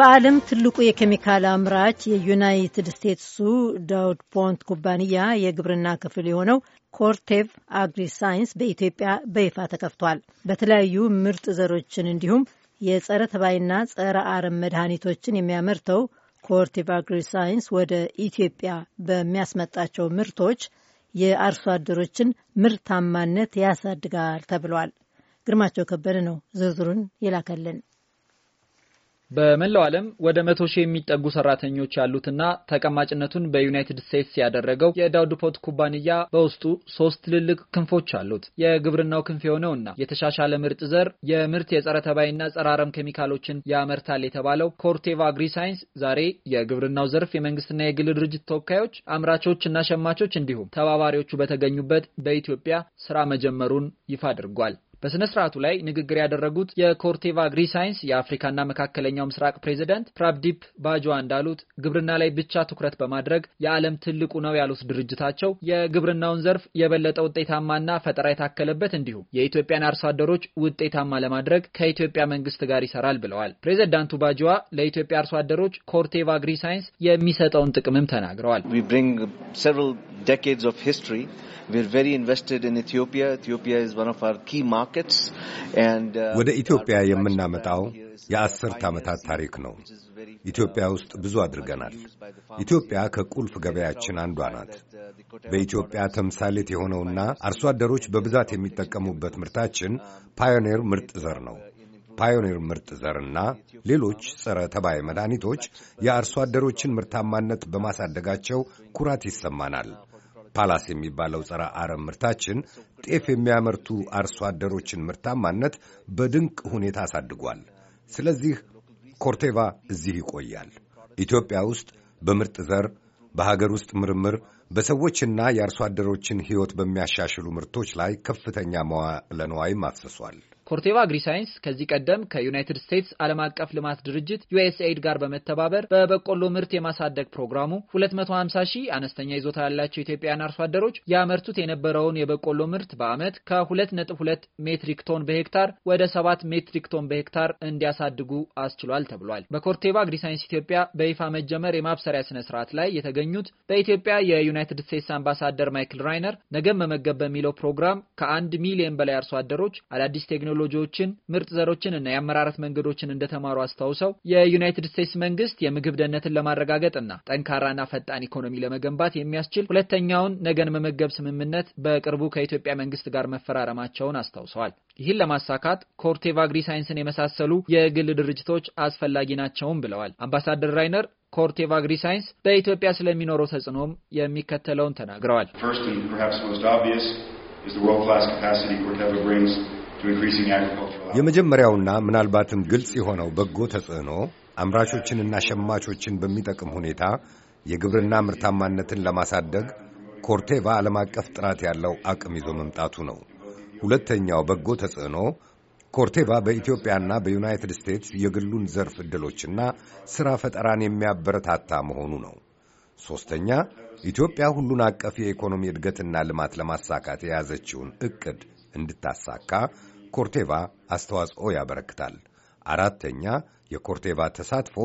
በዓለም ትልቁ የኬሚካል አምራች የዩናይትድ ስቴትሱ ዳውድ ፖንት ኩባንያ የግብርና ክፍል የሆነው ኮርቴቭ አግሪ ሳይንስ በኢትዮጵያ በይፋ ተከፍቷል። በተለያዩ ምርጥ ዘሮችን እንዲሁም የጸረ ተባይና ጸረ አረም መድኃኒቶችን የሚያመርተው ኮርቴቭ አግሪ ሳይንስ ወደ ኢትዮጵያ በሚያስመጣቸው ምርቶች የአርሶ አደሮችን ምርታማነት ያሳድጋል ተብሏል። ግርማቸው ከበደ ነው ዝርዝሩን ይላከልን። በመላው ዓለም ወደ መቶ ሺህ የሚጠጉ ሰራተኞች ያሉትና ተቀማጭነቱን በዩናይትድ ስቴትስ ያደረገው የዳውድ ፖት ኩባንያ በውስጡ ሶስት ትልልቅ ክንፎች አሉት። የግብርናው ክንፍ የሆነውና የተሻሻለ ምርጥ ዘር የምርት የጸረ ተባይና ጸረ አረም ኬሚካሎችን ያመርታል የተባለው ኮርቴቫ አግሪ ሳይንስ ዛሬ የግብርናው ዘርፍ የመንግስትና የግል ድርጅት ተወካዮች፣ አምራቾች እና ሸማቾች እንዲሁም ተባባሪዎቹ በተገኙበት በኢትዮጵያ ስራ መጀመሩን ይፋ አድርጓል። በስነ ስርዓቱ ላይ ንግግር ያደረጉት የኮርቴቫ አግሪ ሳይንስ የአፍሪካና መካከለኛው ምስራቅ ፕሬዚደንት ፕራብዲፕ ባጅዋ እንዳሉት ግብርና ላይ ብቻ ትኩረት በማድረግ የዓለም ትልቁ ነው ያሉት ድርጅታቸው የግብርናውን ዘርፍ የበለጠ ውጤታማና ፈጠራ የታከለበት እንዲሁም የኢትዮጵያን አርሶ አደሮች ውጤታማ ለማድረግ ከኢትዮጵያ መንግስት ጋር ይሰራል ብለዋል። ፕሬዚዳንቱ ባጅዋ ለኢትዮጵያ አርሶ አደሮች ኮርቴቫ አግሪ ሳይንስ የሚሰጠውን ጥቅምም ተናግረዋል። decades of history we Uh, ወደ ኢትዮጵያ የምናመጣው የአስርት ዓመታት ታሪክ ነው። ኢትዮጵያ ውስጥ ብዙ አድርገናል። ኢትዮጵያ ከቁልፍ ገበያችን አንዷ ናት። uh, በኢትዮጵያ ተምሳሌት የሆነውና አርሶ አደሮች በብዛት የሚጠቀሙበት ምርታችን ፓዮኔር uh, ምርጥ ዘር ነው። ፓዮኔር ምርጥ ዘርና ሌሎች ጸረ ተባይ መድኃኒቶች የአርሶ አደሮችን ምርታማነት በማሳደጋቸው ኩራት ይሰማናል። ፓላስ የሚባለው ጸረ አረም ምርታችን ጤፍ የሚያመርቱ አርሶ አደሮችን ምርታማነት በድንቅ ሁኔታ አሳድጓል። ስለዚህ ኮርቴቫ እዚህ ይቆያል። ኢትዮጵያ ውስጥ በምርጥ ዘር፣ በሀገር ውስጥ ምርምር፣ በሰዎችና የአርሶ አደሮችን ሕይወት በሚያሻሽሉ ምርቶች ላይ ከፍተኛ መዋዕለ ንዋይም አፍሰሷል። ኮርቴቫ አግሪሳይንስ ከዚህ ቀደም ከዩናይትድ ስቴትስ ዓለም አቀፍ ልማት ድርጅት ዩኤስኤድ ጋር በመተባበር በበቆሎ ምርት የማሳደግ ፕሮግራሙ 250 ሺህ አነስተኛ ይዞታ ያላቸው ኢትዮጵያውያን አርሶ አደሮች ያመርቱት የነበረውን የበቆሎ ምርት በዓመት ከ2.2 ሜትሪክ ቶን በሄክታር ወደ 7 ሜትሪክ ቶን በሄክታር እንዲያሳድጉ አስችሏል ተብሏል። በኮርቴቫ አግሪሳይንስ ኢትዮጵያ በይፋ መጀመር የማብሰሪያ ስነ ስርዓት ላይ የተገኙት በኢትዮጵያ የዩናይትድ ስቴትስ አምባሳደር ማይክል ራይነር ነገ መመገብ በሚለው ፕሮግራም ከአንድ ሚሊዮን በላይ አርሶ አደሮች አዳዲስ ቴክኖሎጂ ቴክኖሎጂዎችን፣ ምርጥ ዘሮችን እና የአመራረት መንገዶችን እንደተማሩ አስታውሰው የዩናይትድ ስቴትስ መንግስት የምግብ ደህንነትን ለማረጋገጥና ጠንካራና ፈጣን ኢኮኖሚ ለመገንባት የሚያስችል ሁለተኛውን ነገን መመገብ ስምምነት በቅርቡ ከኢትዮጵያ መንግስት ጋር መፈራረማቸውን አስታውሰዋል። ይህን ለማሳካት ኮርቴቫ አግሪ ሳይንስን የመሳሰሉ የግል ድርጅቶች አስፈላጊ ናቸውም ብለዋል አምባሳደር ራይነር። ኮርቴቫ አግሪ ሳይንስ በኢትዮጵያ ስለሚኖረው ተጽዕኖም የሚከተለውን ተናግረዋል። የመጀመሪያውና ምናልባትም ግልጽ የሆነው በጎ ተጽዕኖ አምራቾችንና ሸማቾችን በሚጠቅም ሁኔታ የግብርና ምርታማነትን ለማሳደግ ኮርቴቫ ዓለም አቀፍ ጥራት ያለው አቅም ይዞ መምጣቱ ነው። ሁለተኛው በጎ ተጽዕኖ ኮርቴቫ በኢትዮጵያና በዩናይትድ ስቴትስ የግሉን ዘርፍ ዕድሎችና ሥራ ፈጠራን የሚያበረታታ መሆኑ ነው። ሦስተኛ፣ ኢትዮጵያ ሁሉን አቀፍ የኢኮኖሚ እድገትና ልማት ለማሳካት የያዘችውን ዕቅድ እንድታሳካ ኮርቴቫ አስተዋጽኦ ያበረክታል። አራተኛ የኮርቴቫ ተሳትፎ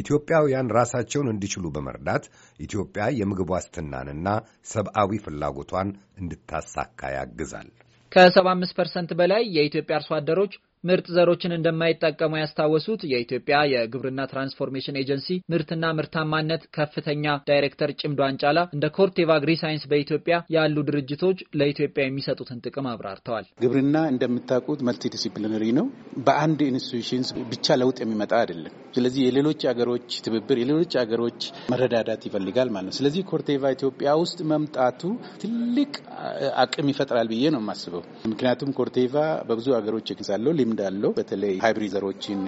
ኢትዮጵያውያን ራሳቸውን እንዲችሉ በመርዳት ኢትዮጵያ የምግብ ዋስትናንና ሰብአዊ ፍላጎቷን እንድታሳካ ያግዛል። ከ75 ፐርሰንት በላይ የኢትዮጵያ አርሶ አደሮች ምርጥ ዘሮችን እንደማይጠቀሙ ያስታወሱት የኢትዮጵያ የግብርና ትራንስፎርሜሽን ኤጀንሲ ምርትና ምርታማነት ከፍተኛ ዳይሬክተር ጭምዶ አንጫላ እንደ ኮርቴቫ አግሪ ሳይንስ በኢትዮጵያ ያሉ ድርጅቶች ለኢትዮጵያ የሚሰጡትን ጥቅም አብራርተዋል። ግብርና እንደምታውቁት መልቲ ዲሲፕሊነሪ ነው። በአንድ ኢንስቲቱሽንስ ብቻ ለውጥ የሚመጣ አይደለም። ስለዚህ የሌሎች ሀገሮች ትብብር፣ የሌሎች ሀገሮች መረዳዳት ይፈልጋል ማለት ነው። ስለዚህ ኮርቴቫ ኢትዮጵያ ውስጥ መምጣቱ ትልቅ አቅም ይፈጥራል ብዬ ነው የማስበው። ምክንያቱም ኮርቴቫ በብዙ ሀገሮች ግዛለው ልምድ አለው፣ በተለይ ሃይብሪድ ዘሮችን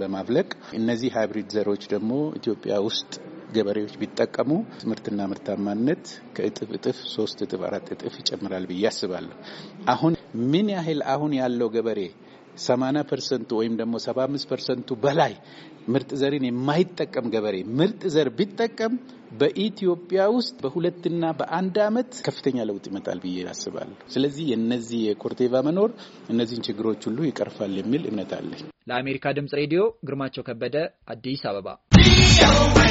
በማፍለቅ እነዚህ ሃይብሪድ ዘሮች ደግሞ ኢትዮጵያ ውስጥ ገበሬዎች ቢጠቀሙ ምርትና ምርታማነት ከእጥፍ እጥፍ ሶስት እጥፍ አራት እጥፍ ይጨምራል ብዬ አስባለሁ። አሁን ምን ያህል አሁን ያለው ገበሬ 80 ፐርሰንቱ ወይም ደግሞ 75 ፐርሰንቱ በላይ ምርጥ ዘርን የማይጠቀም ገበሬ ምርጥ ዘር ቢጠቀም በኢትዮጵያ ውስጥ በሁለትና በአንድ ዓመት ከፍተኛ ለውጥ ይመጣል ብዬ አስባለሁ። ስለዚህ የነዚህ የኮርቴቫ መኖር እነዚህን ችግሮች ሁሉ ይቀርፋል የሚል እምነት አለኝ። ለአሜሪካ ድምጽ ሬዲዮ ግርማቸው ከበደ አዲስ አበባ